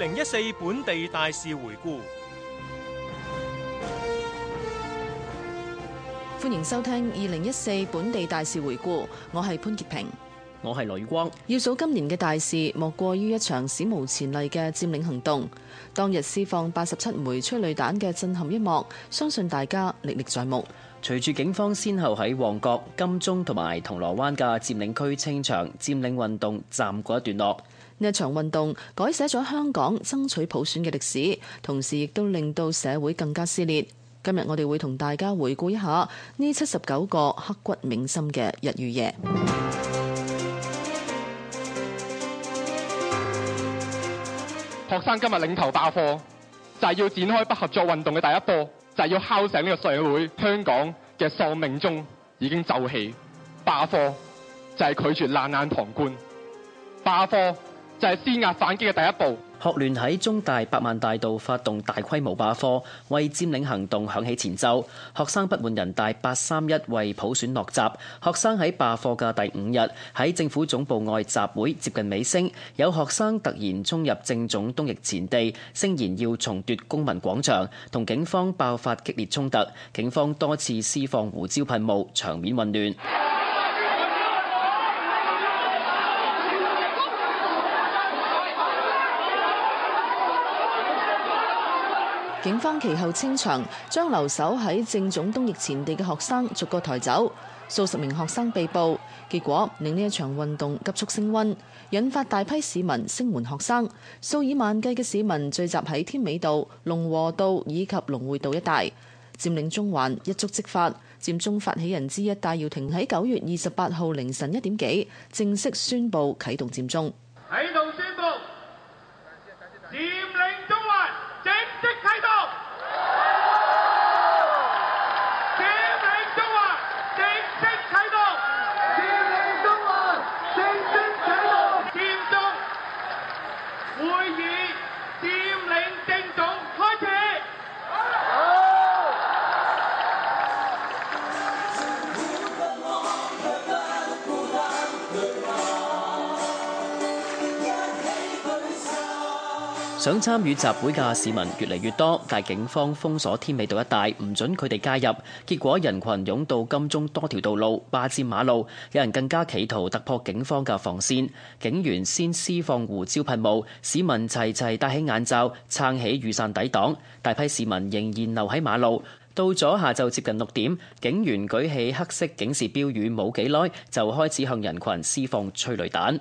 二零一四本地大事回顧，歡迎收聽二零一四本地大事回顧，我係潘潔平，我係雷光。要數今年嘅大事，莫過於一場史無前例嘅佔領行動。當日釋放八十七枚催淚彈嘅震撼一幕，相信大家歷歷在目。隨住警方先後喺旺角、金鐘同埋銅鑼灣嘅佔領區清場，佔領運動暫告一段落。呢一場運動改寫咗香港爭取普選嘅歷史，同時亦都令到社會更加撕裂。今日我哋會同大家回顧一下呢七十九個刻骨銘心嘅日與夜。學生今日領頭罷課，就係要展開不合作運動嘅第一波，就係要敲醒呢個社會。香港嘅喪命中已經就起，罷課就係拒絕冷眼旁觀，罷課就係、是、施壓反擊嘅第一步。學聯喺中大百萬大道發動大規模罷課，為佔領行動響起前奏。學生不滿人大八三一為普選落閘，學生喺罷課嘅第五日喺政府總部外集會接近尾聲，有學生突然衝入政總東翼前地，聲言要重奪公民廣場，同警方爆發激烈衝突，警方多次施放胡椒噴霧，場面混亂。警方其後清場，將留守喺政總東翼前地嘅學生逐個抬走，數十名學生被捕，結果令呢一場運動急速升溫，引發大批市民聲援學生，數以萬計嘅市民聚集喺天美道、龍和道以及龍匯道一帶，佔領中環，一觸即發。佔中發起人之一戴耀廷喺九月二十八號凌晨一點幾正式宣布啟動佔中。啟動宣布想參與集會嘅市民越嚟越多，但警方封鎖添美道一帶，唔准佢哋加入。結果人群擁到金鐘多條道路，霸佔馬路。有人更加企圖突破警方嘅防線，警員先施放胡椒噴霧，市民齊齊戴起眼罩、撐起雨傘抵擋。大批市民仍然留喺馬路，到咗下晝接近六點，警員舉起黑色警示標語冇幾耐，就開始向人群施放催淚彈。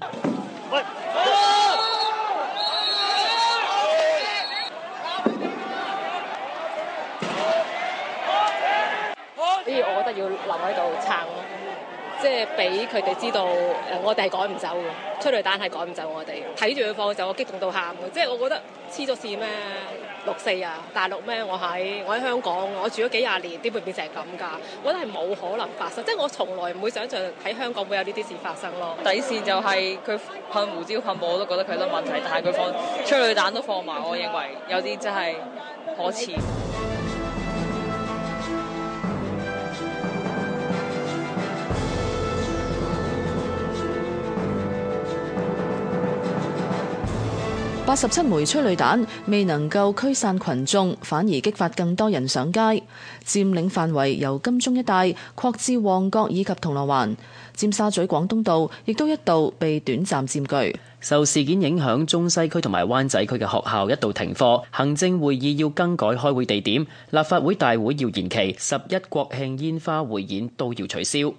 即係俾佢哋知道，我哋係趕唔走嘅，催淚彈係趕唔走我哋。睇住佢放嘅時候，我激動到喊嘅。即係我覺得黐咗線咩？六四啊，大陸咩？我喺我喺香港，我住咗幾廿年，點會變成咁㗎？我覺得係冇可能發生。即係我從來唔會想像喺香港會有呢啲事發生咯。底線就係佢噴胡椒噴霧，我都覺得佢有問題。但係佢放催淚彈都放埋，我認為有啲真係可恥。八十七枚催淚彈未能夠驅散群眾，反而激發更多人上街，佔領範圍由金鐘一帶擴至旺角以及銅鑼灣，尖沙咀廣東道亦都一度被短暫佔據。受事件影響，中西區同埋灣仔區嘅學校一度停課，行政會議要更改開會地點，立法會大會要延期，十一國慶煙花匯演都要取消。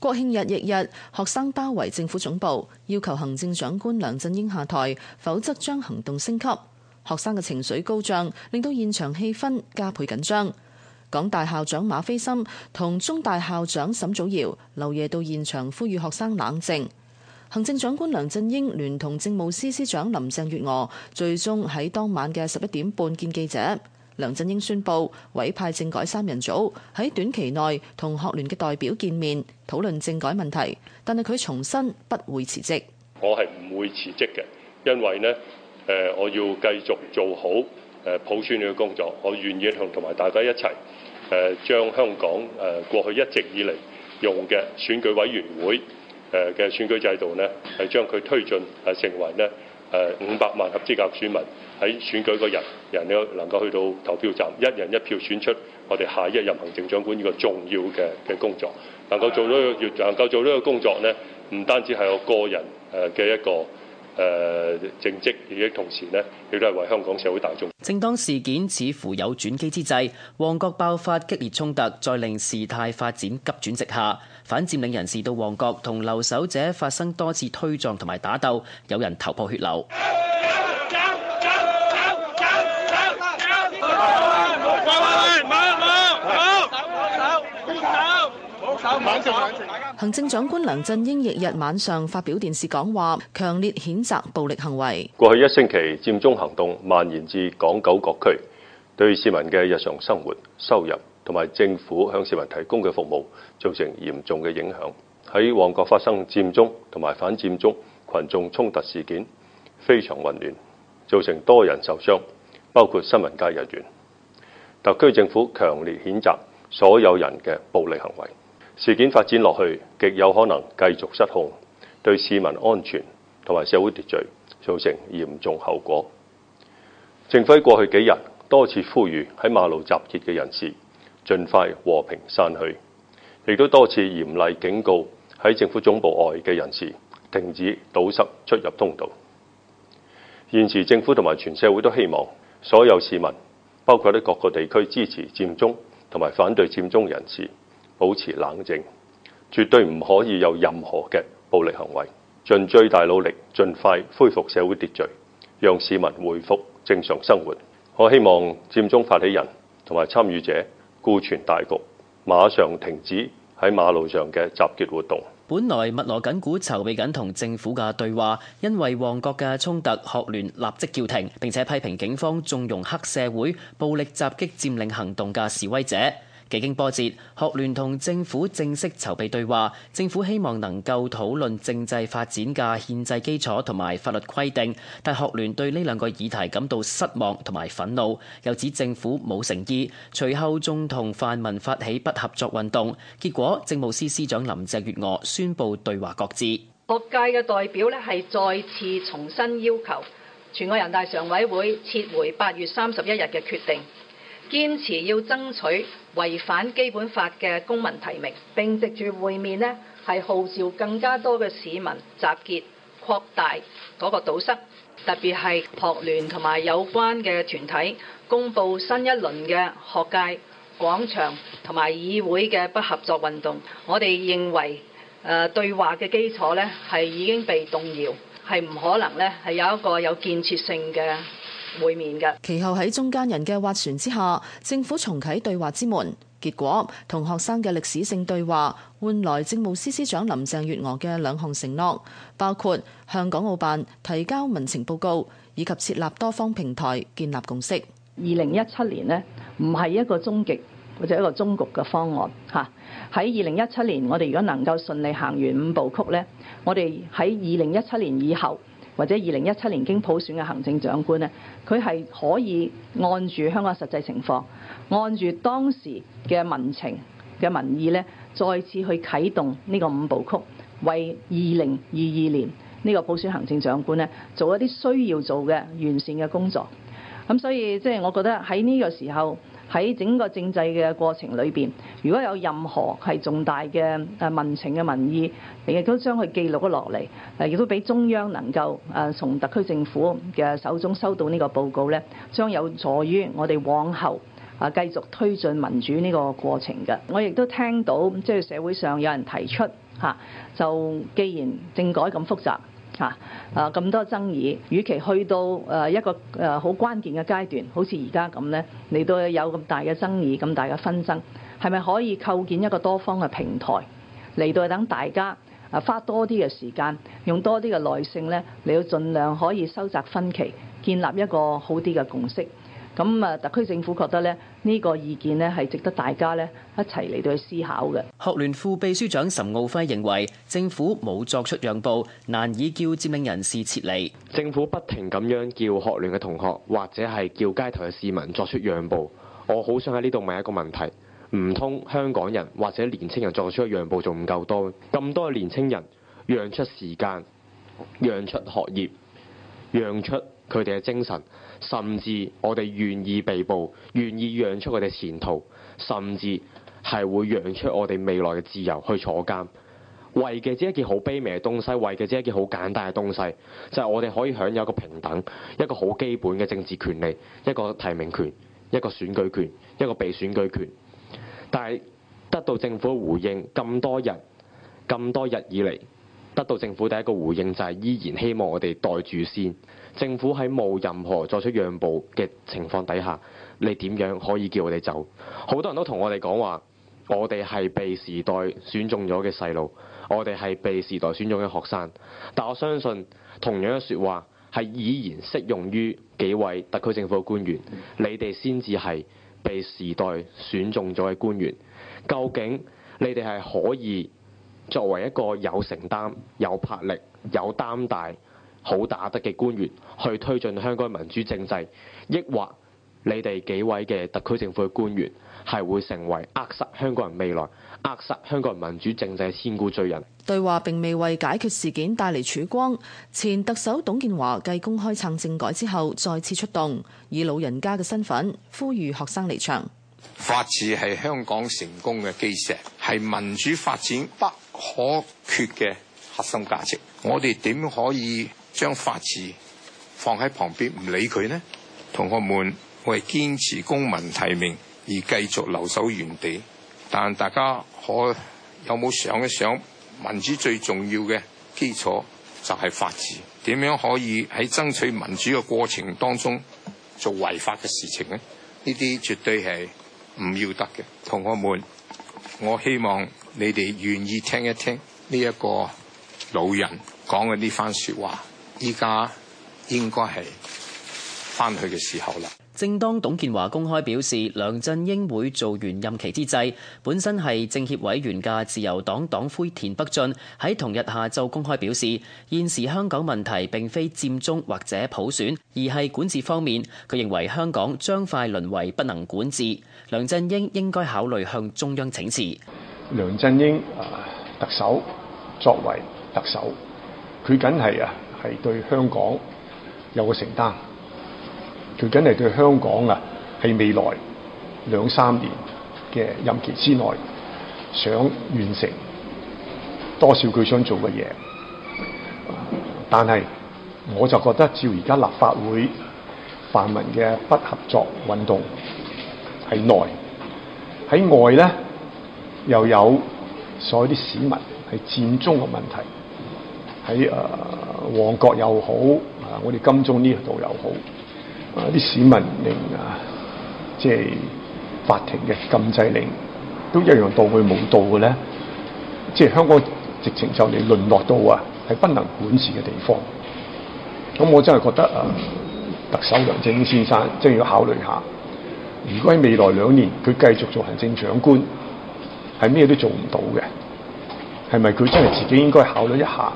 國慶日翌日，日，學生包圍政府總部，要求行政長官梁振英下台，否則將行動升級。學生嘅情緒高漲，令到現場氣氛加倍緊張。港大校長馬斐森同中大校長沈祖堯漏夜到現場呼籲學生冷靜。行政長官梁振英聯同政務司司長林鄭月娥，最終喺當晚嘅十一點半見記者。梁振英宣布委派政改三人組喺短期內同學聯嘅代表見面討論政改問題，但係佢重申不會辭職。我係唔會辭職嘅，因為呢，誒，我要繼續做好誒普選嘅工作，我願意同同埋大家一齊誒，將香港誒過去一直以嚟用嘅選舉委員會誒嘅選舉制度呢，係將佢推進誒成為呢。誒，五百萬合資格選民喺選舉個人人有能夠去到投票站一人一票選出我哋下一任行政長官呢個重要嘅嘅工作能夠做到，個能夠做呢個工作咧，唔單止係我個人誒嘅一個。誒，政績利益同時呢，佢都係為香港社會大眾。正當事件似乎有轉機之際，旺角爆發激烈衝突，再令事態發展急轉直下。反佔領人士到旺角同留守者發生多次推撞同埋打鬥，有人頭破血流。行政長官梁振英翌日晚上發表電視講話，強烈譴責暴力行為。過去一星期占中行動蔓延至港九各區，對市民嘅日常生活、收入同埋政府向市民提供嘅服務造成嚴重嘅影響。喺旺角發生占中同埋反占中群眾衝突事件，非常混亂，造成多人受傷，包括新聞界人員。特區政府強烈譴責所有人嘅暴力行為。事件發展落去，極有可能繼續失控，對市民安全同埋社會秩序造成嚴重後果。政府過去幾日多次呼籲喺馬路集結嘅人士盡快和平散去，亦都多次嚴厲警告喺政府總部外嘅人士停止堵塞出入通道。現時政府同埋全社會都希望所有市民，包括喺各個地區支持佔中同埋反對佔中的人士。保持冷靜，絕對唔可以有任何嘅暴力行為。盡最大努力，盡快恢復社會秩序，讓市民回復正常生活。我希望佔中發起人同埋參與者顧全大局，馬上停止喺馬路上嘅集結活動。本來密鑼緊鼓籌備緊同政府嘅對話，因為旺角嘅衝突，學聯立即叫停，並且批評警方縱容黑社會暴力襲擊佔領行動嘅示威者。幾經波折，學聯同政府正式籌備對話，政府希望能夠討論政制發展嘅憲制基礎同埋法律規定，但學聯對呢兩個議題感到失望同埋憤怒，又指政府冇誠意。隨後仲同泛民發起不合作運動，結果政務司司長林鄭月娥宣布對話擱置。學界嘅代表咧係再次重新要求全國人大常委會撤回八月三十一日嘅決定，堅持要爭取違反基本法嘅公民提名，並藉住會面咧，係號召更加多嘅市民集結，擴大嗰個堵塞，特別係學聯同埋有關嘅團體公佈新一輪嘅學界、廣場同埋議會嘅不合作運動。我哋認為誒對話嘅基礎咧係已經被動搖，係唔可能咧係有一個有建設性嘅。會面嘅。其後喺中間人嘅斡旋之下，政府重啟對話之門，結果同學生嘅歷史性對話換來政務司司長林鄭月娥嘅兩項承諾，包括向港澳辦提交民情報告，以及設立多方平台建立共識。二零一七年呢，唔係一個終極或者一個終局嘅方案吓。喺二零一七年，我哋如果能夠順利行完五步曲呢，我哋喺二零一七年以後。或者二零一七年經普選嘅行政長官呢，佢係可以按住香港實際情況，按住當時嘅民情嘅民意呢，再次去啟動呢個五步曲，為二零二二年呢個普選行政長官呢做一啲需要做嘅完善嘅工作。咁所以即係我覺得喺呢個時候。喺整個政制嘅過程裏邊，如果有任何係重大嘅誒民情嘅民意，亦都將佢記錄咗落嚟，誒亦都俾中央能夠誒從特區政府嘅手中收到呢個報告咧，將有助於我哋往後啊繼續推進民主呢個過程嘅。我亦都聽到即係社會上有人提出嚇，就既然政改咁複雜。嚇、啊！啊咁多爭議，與其去到一個好關鍵嘅階段，好似而家咁咧，嚟到有咁大嘅爭議、咁大嘅紛爭，係咪可以構建一個多方嘅平台嚟到等大家啊花多啲嘅時間，用多啲嘅耐性咧，你要盡量可以收窄分歧，建立一個好啲嘅共識？咁啊，特區政府覺得咧，呢個意見咧係值得大家咧一齊嚟到去思考嘅。學聯副秘書長岑敖輝認為，政府冇作出讓步，難以叫佔領人士撤離。政府不停咁樣叫學聯嘅同學，或者係叫街頭嘅市民作出讓步。我好想喺呢度問一個問題：唔通香港人或者年青人作出嘅讓步仲唔夠多？咁多年青人讓出時間，讓出學業，讓出。佢哋嘅精神，甚至我哋願意被捕，願意讓出佢哋前途，甚至係會讓出我哋未來嘅自由去坐監，為嘅只一件好卑微嘅東西，為嘅只一件好簡單嘅東西，就係我哋可以享有一個平等、一個好基本嘅政治權利、一個提名權，一個選舉權，一個被選舉權，但係得到政府嘅回應，咁多日，咁多日以嚟得到政府第一個回應就係依然希望我哋袋住先。政府喺冇任何作出讓步嘅情況底下，你點樣可以叫我哋走？好多人都同我哋講話，我哋係被時代選中咗嘅細路，我哋係被時代選中嘅學生。但我相信同樣嘅說話係依然適用於幾位特區政府嘅官員。你哋先至係被時代選中咗嘅官員。究竟你哋係可以作為一個有承擔、有魄力、有擔帶？好打得嘅官員去推進香港民主政制，抑或你哋幾位嘅特區政府嘅官員係會成為扼殺香港人未來、扼殺香港人民主政制嘅千古罪人？對話並未為解決事件帶嚟曙光。前特首董建華繼公開撐政改之後，再次出動，以老人家嘅身份呼籲學生離場。法治係香港成功嘅基石，係民主發展不可缺嘅核心價值。我哋點可以將法治放喺旁邊唔理佢呢，同學們，我係堅持公民提名而繼續留守原地。但大家可有冇想一想，民主最重要嘅基礎就係法治。點樣可以喺爭取民主嘅過程當中做違法嘅事情呢？呢啲絕對係唔要得嘅。同學們，我希望你哋願意聽一聽呢一個老人講嘅呢番說話。依家應該係翻去嘅時候啦。正當董建華公開表示梁振英會做完任期之際，本身係政協委員嘅自由黨黨魁田北俊喺同日下晝公開表示，現時香港問題並非佔中或者普選，而係管治方面。佢認為香港將快淪為不能管治，梁振英應該考慮向中央請辭。梁振英啊，特首作為特首，佢緊係啊。係對香港有個承擔，佢梗係對香港啊，係未來兩三年嘅任期之內想完成多少佢想做嘅嘢。但係我就覺得，照而家立法會泛民嘅不合作運動係內，喺外咧又有所有啲市民係佔中嘅問題。喺誒、啊、旺角又好，啊，我哋金鐘呢度又好，啊，啲市民令啊，即係法庭嘅禁制令都一樣到去冇到嘅咧，即係香港直情就嚟淪落到啊係不能管治嘅地方。咁我真係覺得啊，特首梁振英先生真係要考慮下，如果喺未來兩年佢繼續做行政長官，係咩都做唔到嘅，係咪佢真係自己應該考慮一下？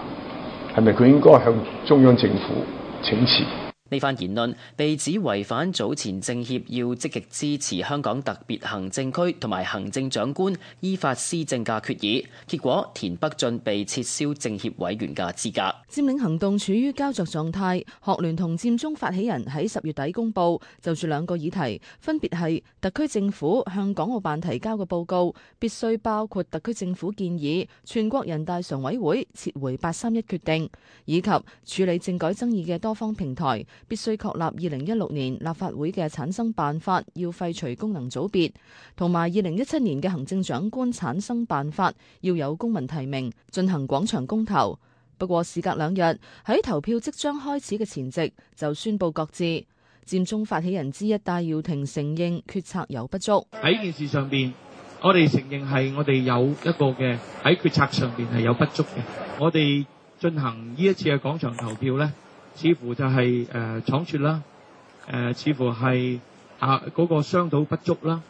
係咪佢應該向中央政府請辭？呢番言論被指違反早前政協要積極支持香港特別行政區同埋行政長官依法施政嘅決議，結果田北俊被撤銷政協委員嘅資格。佔領行動處於膠着狀態，學聯同佔中發起人喺十月底公佈就住兩個議題，分別係特區政府向港澳辦提交嘅報告，必須包括特區政府建議、全國人大常委會撤回八三一決定，以及處理政改爭議嘅多方平台。必須確立二零一六年立法會嘅產生辦法，要廢除功能組別，同埋二零一七年嘅行政長官產生辦法要有公民提名進行廣場公投。不過事隔兩日，喺投票即將開始嘅前夕就宣布擱置。佔中發起人之一戴耀廷承認決策有不足。喺呢件事上邊，我哋承認係我哋有一個嘅喺決策上邊係有不足嘅。我哋進行呢一次嘅廣場投票呢，似乎就係誒倉促啦，誒似乎係啊嗰個商討不足啦。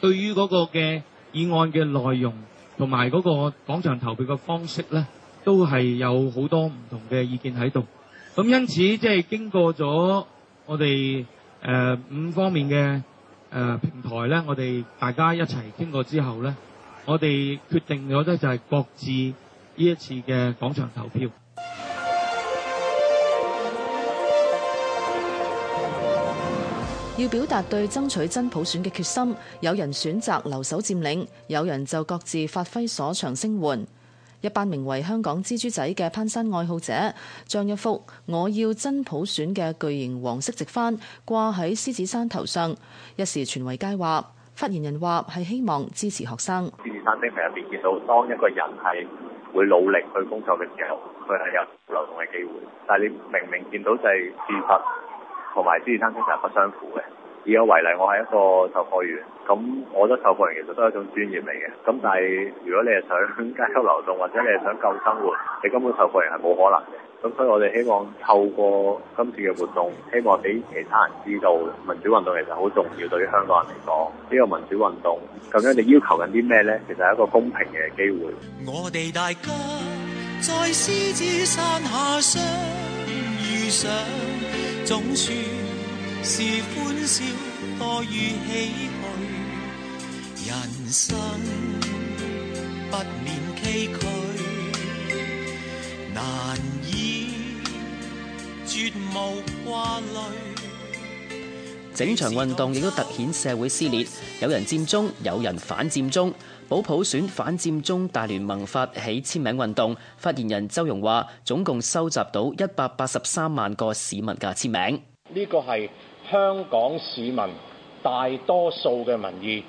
對於嗰個嘅議案嘅內容同埋嗰個廣場投票嘅方式咧，都係有好多唔同嘅意見喺度。咁因此即係經過咗我哋誒五方面嘅誒平台咧，我哋大家一齊傾過之後咧，我哋決定咗咧就係擱置呢一次嘅廣場投票。要表達對爭取真普選嘅決心，有人選擇留守佔領，有人就各自發揮所長聲援。一班名為香港蜘蛛仔嘅攀山愛好者，將一幅我要真普選嘅巨型黃色直幡掛喺獅子山頭上，一時傳為佳話。發言人話係希望支持學生。獅子山精神入面見到，當一個人係會努力去工作嘅時候，佢係有流動嘅機會。但你明明見到就係自拍。同埋獅子山精神係不相符嘅。以我為例，我係一個售貨員，咁我覺得售貨員其實都係一種專業嚟嘅。咁但係如果你係想階級流動，或者你係想救生活，你根本售貨員係冇可能嘅。咁所以我哋希望透過今次嘅活動，希望俾其他人知道民主運動其實好重要，對於香港人嚟講，呢個民主運動究竟你要求緊啲咩呢？其實係一個公平嘅機會。我哋大家在獅子山下相遇上。總算是歡笑多於唏噓，人生不免崎嶇，難以絕無掛慮。整場運動亦都突顯社會撕裂，有人佔中，有人反佔中。保普選反佔中大聯盟發起簽名運動，發言人周融話：總共收集到一百八十三萬個市民嘅簽名，呢個係香港市民大多數嘅民意，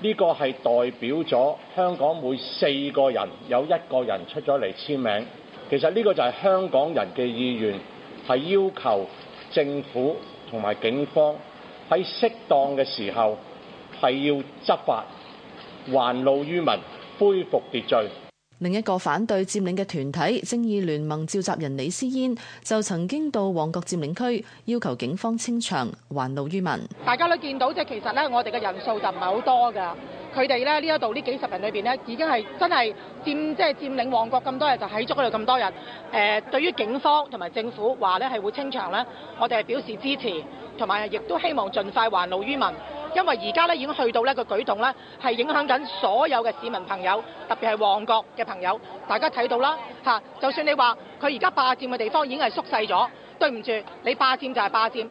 呢個係代表咗香港每四個人有一個人出咗嚟簽名，其實呢個就係香港人嘅意願，係要求政府同埋警方喺適當嘅時候係要執法。還路於民，恢復秩序。另一個反對佔領嘅團體正義聯盟召集人李思燕就曾經到旺角佔領區要求警方清場，還路於民。大家都見到，即係其實咧，我哋嘅人數就唔係好多㗎。佢哋咧呢一度呢幾十人裏邊呢，已經係真係佔即係、就是、佔領旺角咁多日，就喺咗度咁多日。誒，對於警方同埋政府話咧係會清場咧，我哋係表示支持，同埋亦都希望盡快還路於民。因為而家咧已經去到呢個舉動咧係影響緊所有嘅市民朋友，特別係旺角嘅朋友。大家睇到啦，嚇！就算你話佢而家霸佔嘅地方已經係縮細咗，對唔住，你霸佔就係霸佔。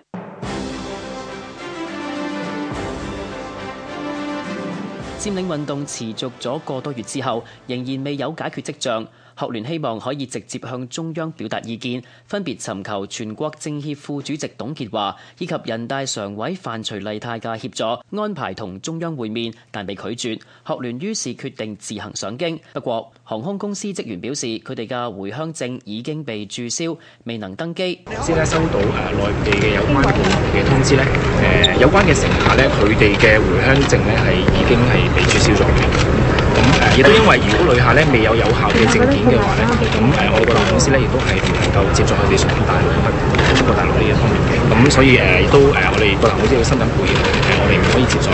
佔領運動持續咗個多月之後，仍然未有解決跡象。學聯希望可以直接向中央表達意見，分別尋求全國政協副主席董建華以及人大常委范徐麗泰嘅協助安排同中央會面，但被拒絕。學聯於是決定自行上京。不過航空公司職員表示，佢哋嘅回鄉證已經被注銷，未能登機。先收到內地嘅有關部門嘅通知咧，有關嘅乘客咧，佢哋嘅回鄉證咧係已經係被注銷咗嘅。亦都因為如果旅客咧未有有效嘅證件嘅話咧，咁誒我個公司咧亦都係唔能夠接載佢哋上大陸，包括中國大陸呢一方面嘅。咁所以亦都誒我哋個公司嘅深圳保險，誒我哋唔可以接載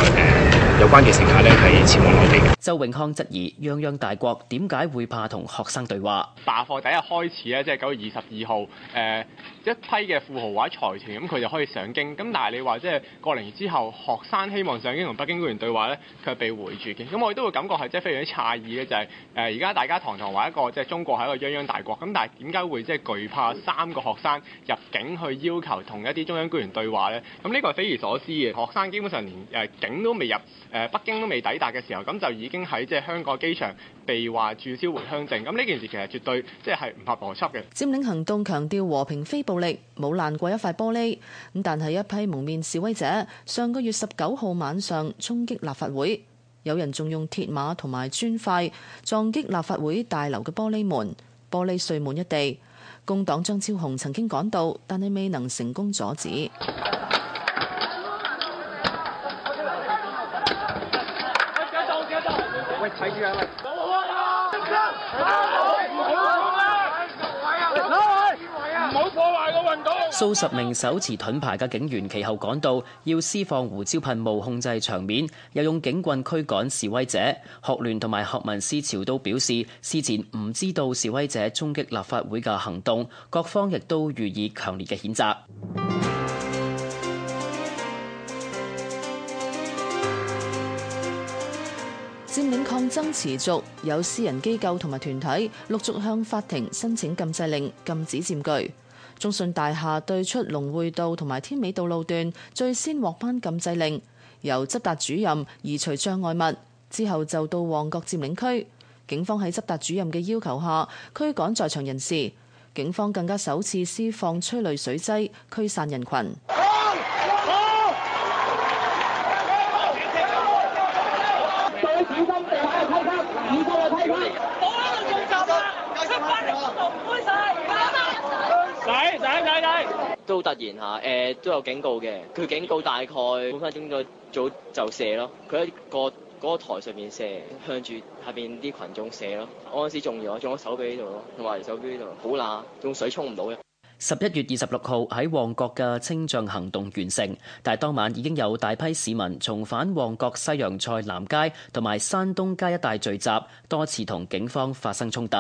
誒。有關嘅乘客咧係前往內地嘅。周永康質疑泱泱大國點解會怕同學生對話？罷課第一日開始咧，即係九月二十二號，誒、呃、一批嘅富豪或者財團咁佢就可以上京。咁但係你話即係國慶之後，學生希望上京同北京官員對話咧，佢係被回絕嘅。咁我亦都會感覺係即係非常之詫異嘅。就係誒而家大家堂堂話一個即係、就是、中國係一個泱泱大國，咁但係點解會即係懼怕三個學生入境去要求同一啲中央官員對話咧？咁呢個係匪夷所思嘅。學生基本上連誒、呃、境都未入。誒北京都未抵達嘅時候，咁就已經喺即係香港機場被話註銷回鄉證。咁呢件事其實絕對即係唔合邏輯嘅。佔領行動強調和平非暴力，冇爛過一塊玻璃。咁但係一批蒙面示威者上個月十九號晚上衝擊立法會，有人仲用鐵馬同埋磚塊撞擊立法會大樓嘅玻璃門，玻璃碎滿一地。工黨張超雄曾經趕到，但係未能成功阻止。數十名手持盾牌嘅警員其後趕到，要施放胡椒噴霧控制場面，又用警棍驅趕示威者。學聯同埋學民思潮都表示事前唔知道示威者衝擊立法會嘅行動，各方亦都予以強烈嘅譴責。佔領抗爭持續，有私人機構同埋團體陸續向法庭申請禁制令，禁止佔據。中信大廈對出龍匯道同埋添美道路段最先獲頒禁制令，由執達主任移除障礙物，之後就到旺角佔領區，警方喺執達主任嘅要求下驅趕在場人士，警方更加首次施放催淚水劑驅散人群。啊都突然嚇，誒、呃、都有警告嘅。佢警告大概半分鐘內早就射咯。佢喺個嗰台上面射，向住下邊啲群眾射咯。我嗰時中咗，中咗手臂呢度咯，同埋手臂呢度好冷，用水沖唔到嘅。十一月二十六號喺旺角嘅清障行動完成，但係當晚已經有大批市民重返旺角西洋菜南街同埋山東街一帶聚集，多次同警方發生衝突。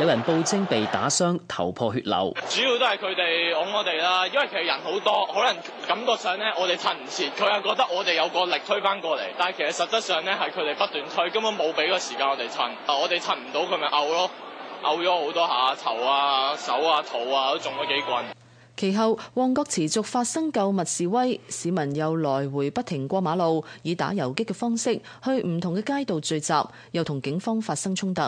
有人報稱被打傷，頭破血流。主要都係佢哋㧬我哋啦，因為其實人好多，可能感覺上呢，我哋趁唔切，佢又覺得我哋有個力推返過嚟，但係其實實質上呢，係佢哋不斷推，根本冇俾個時間我哋趁，我哋趁唔到佢咪拗咯，拗咗好多下頭啊、手啊、肚啊都中咗幾棍。其後旺角持續發生購物示威，市民又來回不停過馬路，以打遊擊嘅方式去唔同嘅街道聚集，又同警方發生衝突。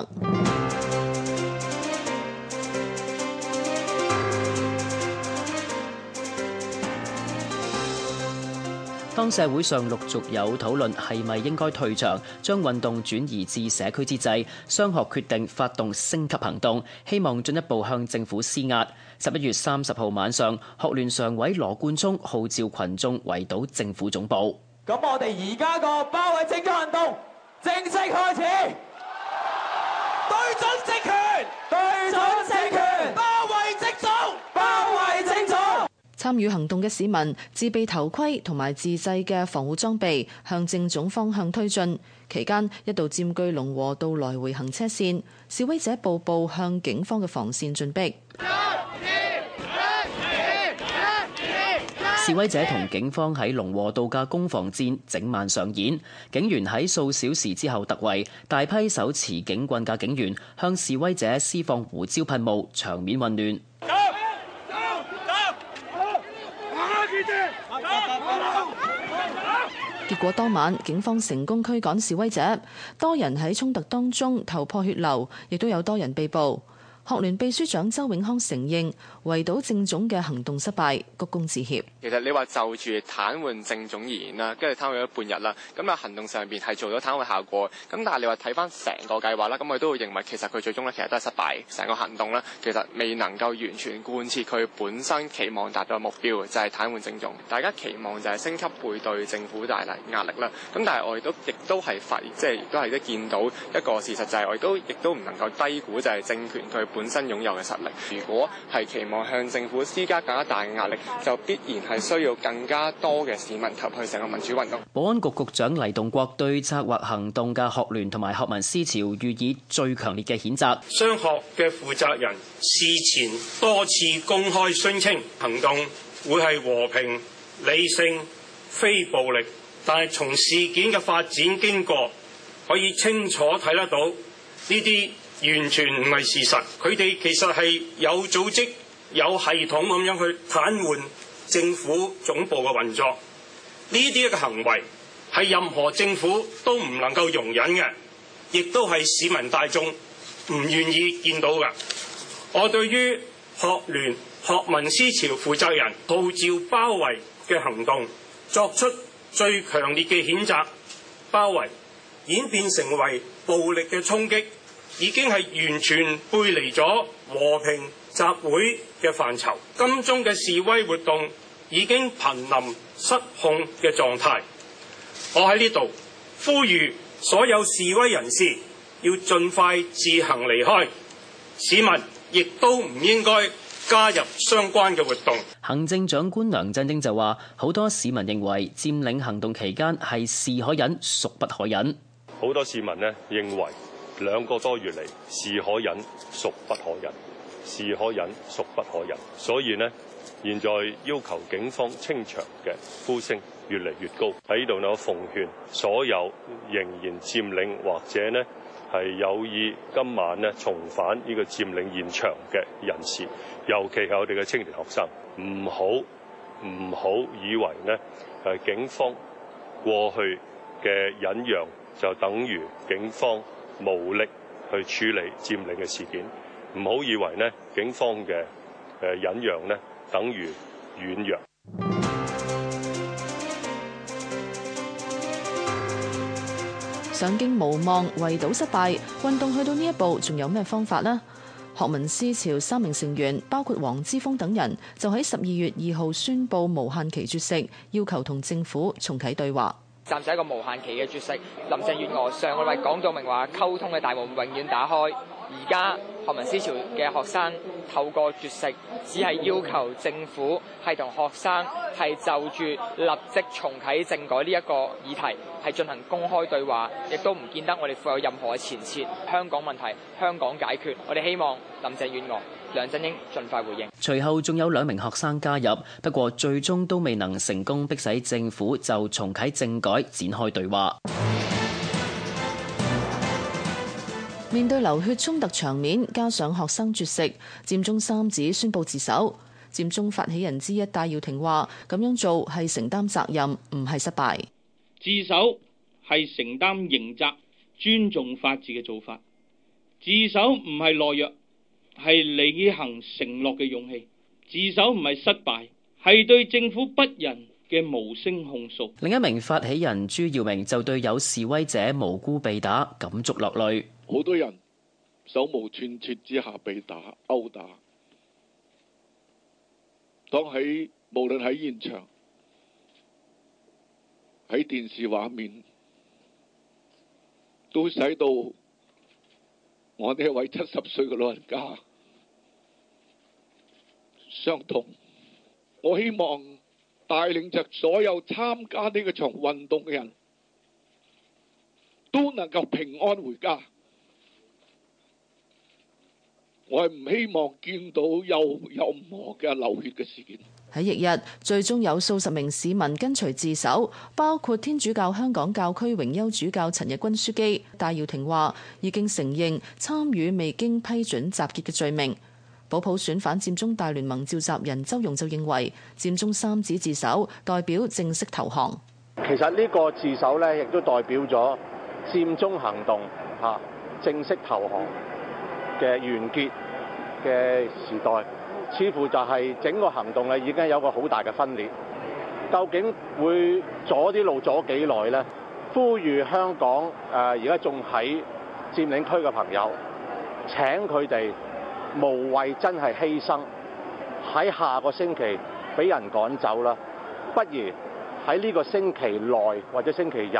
當社會上陸續有討論係咪應該退場，將運動轉移至社區之際，雙學決定發動升級行動，希望進一步向政府施壓。十一月三十號晚上，學聯常委羅冠聰號召群眾圍堵政府總部。咁我哋而家個包圍政府行動正式開始，參與行動嘅市民自備頭盔同埋自製嘅防護裝備，向政總方向推進。期間一度佔據龍和道來回行車線，示威者步步向警方嘅防線進逼。示威者同警方喺龍和道嘅攻防戰整晚上演，警員喺數小時之後突圍，大批手持警棍嘅警員向示威者施放胡椒噴霧，場面混亂。結果當晚，警方成功驅趕示威者，多人喺衝突當中頭破血流，亦都有多人被捕。學聯秘書長周永康承認圍堵政總嘅行動失敗，鞠躬致歉。其實你話就住癱瘓政總而言啦，跟住癱瘓咗半日啦，咁啊行動上邊係做咗癱瘓效果。咁但係你話睇翻成個計劃啦，咁我都會認為其實佢最終咧其實都係失敗。成個行動咧其實未能夠完全貫徹佢本身期望達到嘅目標，就係癱瘓政總。大家期望就係升級配對政府帶嚟壓力啦。咁但係我亦都亦都係發現，即係都係一見到一個事實就係、是、我亦都亦都唔能夠低估就係政權佢。本身擁有嘅實力，如果係期望向政府施加更加大嘅壓力，就必然係需要更加多嘅市民及去成個民主運動。保安局局長黎棟國對策劃行動嘅學聯同埋學民思潮予以，以最強烈嘅譴責。雙學嘅負責人事前多次公開宣稱行動會係和平、理性、非暴力，但係從事件嘅發展經過可以清楚睇得到呢啲。完全唔係事實，佢哋其實係有組織、有系統咁樣去癱瘓政府總部嘅運作。呢啲嘅行為係任何政府都唔能夠容忍嘅，亦都係市民大眾唔願意見到嘅。我對於學聯學民思潮負責人號召包圍嘅行動作出最強烈嘅譴責。包圍演變成為暴力嘅衝擊。已經係完全背離咗和平集會嘅範疇。金鐘嘅示威活動已經瀕臨失控嘅狀態。我喺呢度呼籲所有示威人士要盡快自行離開，市民亦都唔應該加入相關嘅活動。行政長官梁振英就話，好多市民認為佔領行動期間係是可忍，孰不可忍。好多市民咧認為。兩個多月嚟，是可忍，孰不可忍。是可忍，孰不可忍。所以呢，現在要求警方清場嘅呼聲越嚟越高。喺呢度，我奉勸所有仍然佔領或者呢係有意今晚呢重返呢個佔領現場嘅人士，尤其係我哋嘅青年學生，唔好唔好以為呢，警方過去嘅忍讓就等於警方。無力去處理佔領嘅事件，唔好以為警方嘅誒忍讓等於軟弱。上京無望，圍堵失敗，運動去到呢一步，仲有咩方法呢？學民思潮三名成員，包括黃之鋒等人，就喺十二月二號宣佈無限期絕食，要求同政府重啟對話。暫時一個無限期嘅絕食。林鄭月娥上個月講到明話，溝通嘅大門永遠打開。而家學民思潮嘅學生透過絕食，只係要求政府係同學生係就住立即重啟政改呢一個議題，係進行公開對話，亦都唔見得我哋負有任何嘅前設。香港問題，香港解決，我哋希望林鄭月娥、梁振英盡快回應。隨後仲有兩名學生加入，不過最終都未能成功逼使政府就重啟政改展開對話。面對流血衝突場面，加上學生絕食，佔中三子宣布自首。佔中發起人之一戴耀廷話：咁樣做係承擔責任，唔係失敗。自首係承擔刑責，尊重法治嘅做法。自首唔係懦弱。係履行承諾嘅勇氣，自首唔係失敗，係對政府不仁嘅無聲控訴。另一名發起人朱耀明就對有示威者無辜被打感觸落淚。好多人手無寸鐵之下被打毆打，當起無論喺現場喺電視畫面，都使到，我呢一位七十歲嘅老人家傷痛，我希望帶領着所有參加呢個場運動嘅人都能夠平安回家。我係唔希望見到有任何嘅流血嘅事件。喺翌日，日，最終有數十名市民跟隨自首，包括天主教香港教區榮休主教陳日君樞機。戴耀廷話已經承認參與未經批准集結嘅罪名。保普，普選反佔中大聯盟召集人周融就認為，佔中三子自首代表正式投降。其實呢個自首呢，亦都代表咗佔中行動正式投降嘅完結嘅時代。似乎就係整個行動咧已經有個好大嘅分裂，究竟會阻啲路阻幾耐咧？呼籲香港誒，而家仲喺佔領區嘅朋友，請佢哋無謂真係犧牲喺下個星期俾人趕走啦，不如喺呢個星期內或者星期日。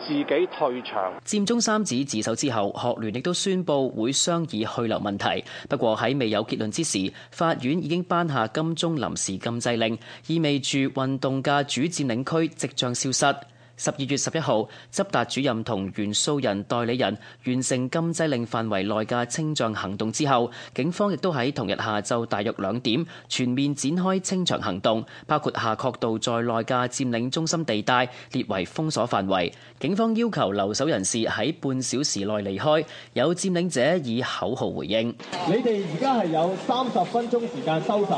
自己退場。佔中三子自首之後，學聯亦都宣佈會商議去留問題，不過喺未有結論之時，法院已經頒下金鐘臨時禁制令，意味住運動嘅主佔領區即將消失。十二月十一號，執達主任同原訴人代理人完成禁制令範圍內嘅清障行動之後，警方亦都喺同日下晝大約兩點全面展開清場行動，包括夏慤道在內嘅佔領中心地帶列為封鎖範圍。警方要求留守人士喺半小時內離開，有佔領者以口號回應：你哋而家係有三十分鐘時間收拾，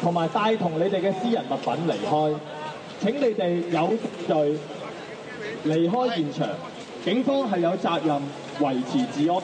同埋帶同你哋嘅私人物品離開。請你哋有序離開現場，警方係有責任維持治安。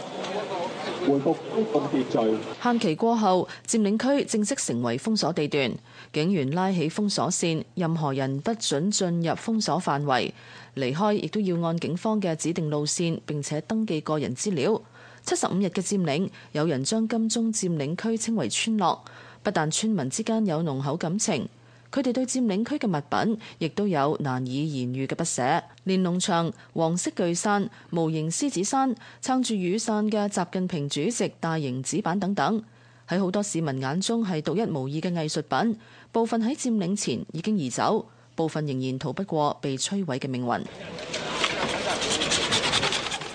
回復公共秩序。限期過後，佔領區正式成為封鎖地段，警員拉起封鎖線，任何人不准進入封鎖範圍，離開亦都要按警方嘅指定路線，並且登記個人資料。七十五日嘅佔領，有人將金鐘佔領區稱為村落，不但村民之間有濃厚感情。佢哋對佔領區嘅物品，亦都有難以言喻嘅不捨。連儂牆、黃色巨傘、模型獅子山、撐住雨傘嘅習近平主席大型紙板等等，喺好多市民眼中係獨一無二嘅藝術品。部分喺佔領前已經移走，部分仍然逃不過被摧毀嘅命運。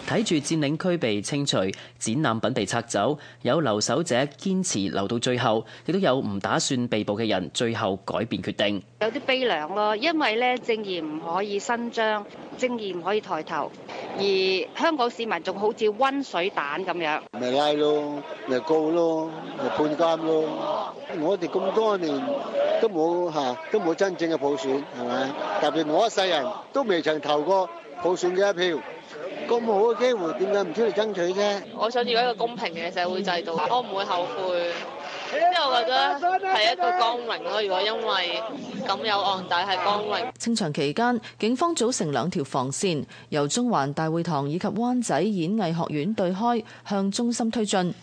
睇住佔領區被清除，展覽品被拆走，有留守者堅持留到最後，亦都有唔打算被捕嘅人最後改變決定，有啲悲涼咯，因為咧，正義唔可以伸張，正義唔可以抬頭，而香港市民仲好似溫水蛋咁樣，咪拉咯，咪告咯，咪判監咯。我哋咁多年都冇嚇，都冇真正嘅普選，係咪啊？特別我一世人都未曾投過普選嘅一票。咁好嘅機會，點解唔出嚟爭取啫？我想要一個公平嘅社會制度，我唔會後悔，因為我覺得係一個光榮咯。如果因為咁，有案底係光榮。清場期間，警方組成兩條防線，由中環大會堂以及灣仔演藝學院對開向中心推進。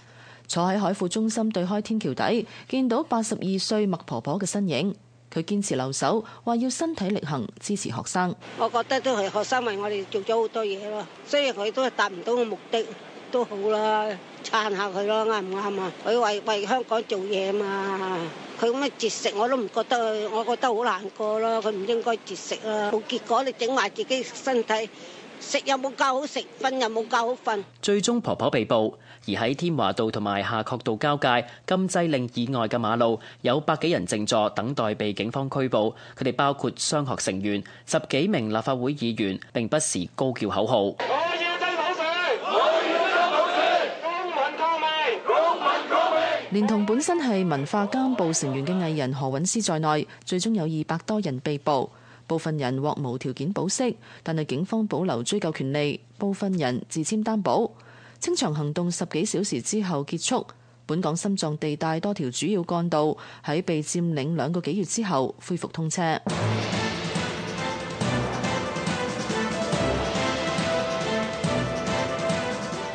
坐喺海富中心對開天橋底，見到八十二歲麥婆婆嘅身影。佢堅持留守，話要身體力行支持學生。我覺得都係學生為我哋做咗好多嘢咯，雖然佢都係達唔到個目的都好啦，撐下佢咯，啱唔啱啊？佢為為香港做嘢嘛，佢咁樣絕食我都唔覺得，我覺得好難過咯，佢唔應該絕食啊，冇結果你整壞自己身體。食又冇教好食，瞓又冇教好瞓。最終婆婆被捕，而喺添華道同埋夏慤道交界禁制令以外嘅馬路，有百幾人靜坐等待被警方拘捕。佢哋包括商學成員、十幾名立法會議員，並不時高叫口號。我要掙好錢，我要掙好錢，公民抗命，公民抗命。連同本身係文化監部成員嘅藝人何韻詩在內，最終有二百多人被捕。部分人獲無條件保釋，但係警方保留追究權利。部分人自簽擔保。清場行動十幾小時之後結束。本港心臟地帶多條主要幹道喺被佔領兩個幾月之後恢復通車。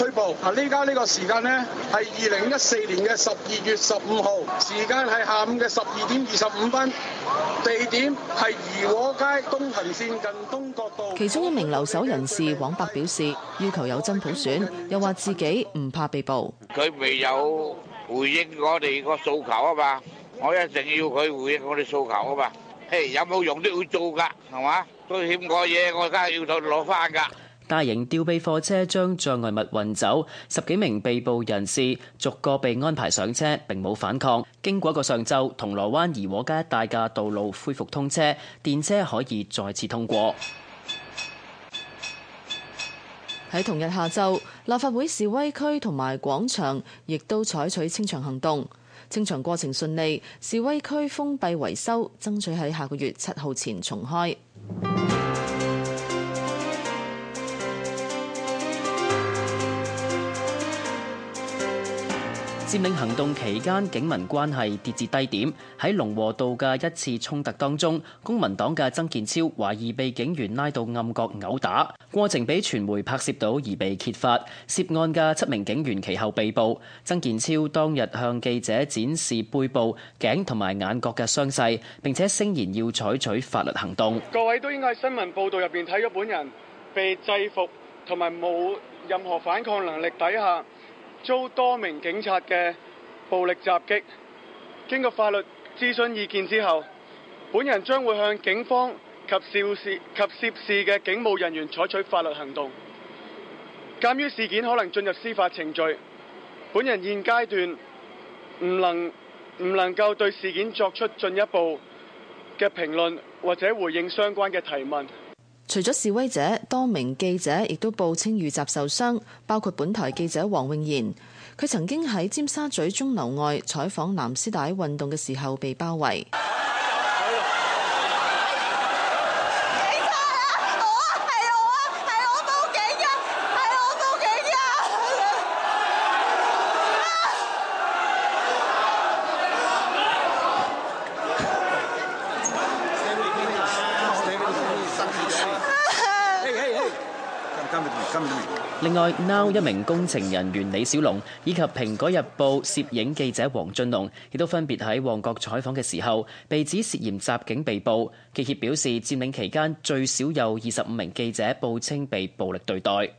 推布嗱，呢家呢個時間咧係二零一四年嘅十二月十五號，時間係下午嘅十二點二十五分，地點係怡和街東行線近東角道。其中一名留守人士黃伯表示，要求有真普選，又話自己唔怕被捕。佢未有回應我哋個訴求啊嘛，我一定要佢回應我哋訴求啊嘛。嘿，有冇用都要做㗎，係嘛？都險過嘢，我梗係要攞攞翻㗎。大型吊臂貨車將障礙物運走，十幾名被捕人士逐個被安排上車，並冇反抗。經過一個上晝，銅鑼灣怡和街一帶嘅道路恢復通車，電車可以再次通過。喺同日下晝，立法會示威區同埋廣場亦都採取清場行動，清場過程順利，示威區封閉維修，爭取喺下個月七號前重開。佔領行動期間，警民關係跌至低點。喺龍和道嘅一次衝突當中，公民黨嘅曾健超懷疑被警員拉到暗角毆打，過程俾傳媒拍攝到而被揭發。涉案嘅七名警員其後被捕。曾健超當日向記者展示背部、頸同埋眼角嘅傷勢，並且聲言要採取法律行動。各位都應該喺新聞報導入面睇咗本人被制服同埋冇任何反抗能力底下。遭多名警察嘅暴力襲擊，經過法律諮詢意見之後，本人將會向警方及涉事及涉事嘅警務人員採取法律行動。鑒於事件可能進入司法程序，本人現階段唔能唔能夠對事件作出進一步嘅評論或者回應相關嘅提問。除咗示威者，多名記者亦都報稱遇襲受傷，包括本台記者黃詠妍。佢曾經喺尖沙咀鐘樓外採訪藍絲帶運動嘅時候被包圍。另外，Now 一名工程人員李小龍以及《蘋果日報》攝影記者黃俊龍，亦都分別喺旺角採訪嘅時候，被指涉嫌襲警被捕。記協表示，佔領期間最少有二十五名記者報稱被暴力對待。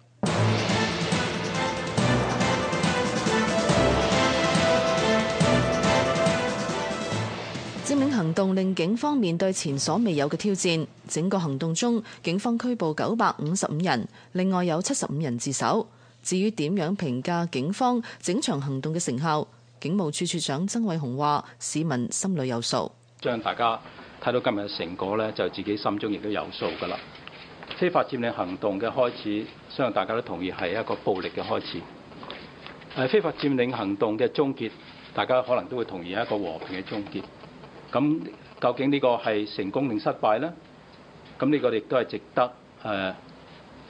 行動令警方面對前所未有嘅挑戰。整個行動中，警方拘捕九百五十五人，另外有七十五人自首。至於點樣評價警方整場行動嘅成效，警務處處長曾偉雄話：市民心裏有數。將大家睇到今日嘅成果呢，就自己心中亦都有數噶啦。非法佔領行動嘅開始，相信大家都同意係一個暴力嘅開始。誒，非法佔領行動嘅終結，大家可能都會同意一個和平嘅終結。咁究竟呢個係成功定失敗呢？咁呢個亦都係值得誒、呃，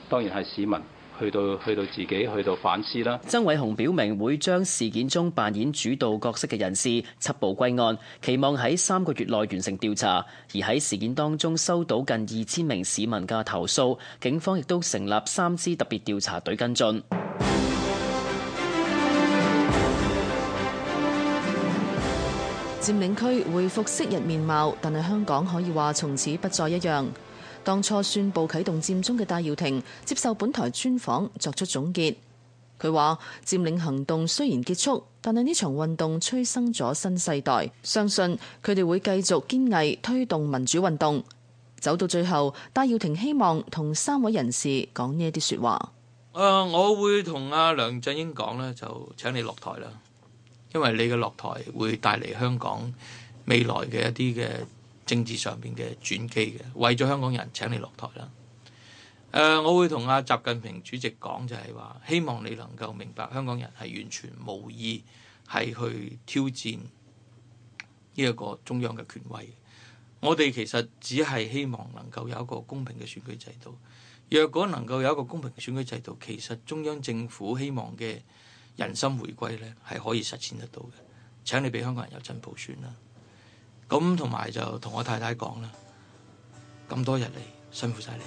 當然係市民去到去到自己去到反思啦。曾偉雄表明會將事件中扮演主導角色嘅人士緝捕歸案，期望喺三個月內完成調查。而喺事件當中收到近二千名市民嘅投訴，警方亦都成立三支特別調查隊跟進。佔領區恢復昔日面貌，但係香港可以話從此不再一樣。當初宣布啟動佔中嘅戴耀廷接受本台專訪，作出總結。佢話佔領行動雖然結束，但係呢場運動催生咗新世代，相信佢哋會繼續堅毅推動民主運動，走到最後。戴耀廷希望同三位人士講呢一啲說話。誒、呃，我會同阿梁振英講呢，就請你落台啦。因為你嘅落台會帶嚟香港未來嘅一啲嘅政治上面嘅轉機嘅，為咗香港人請你落台啦。誒，我會同阿習近平主席講就係話，希望你能夠明白香港人係完全無意係去挑戰呢一個中央嘅權威。我哋其實只係希望能夠有一個公平嘅選舉制度。若果能夠有一個公平嘅選舉制度，其實中央政府希望嘅。人生回歸呢係可以實踐得到嘅。請你俾香港人有進步算啦。咁同埋就同我太太講啦，咁多日嚟辛苦晒你。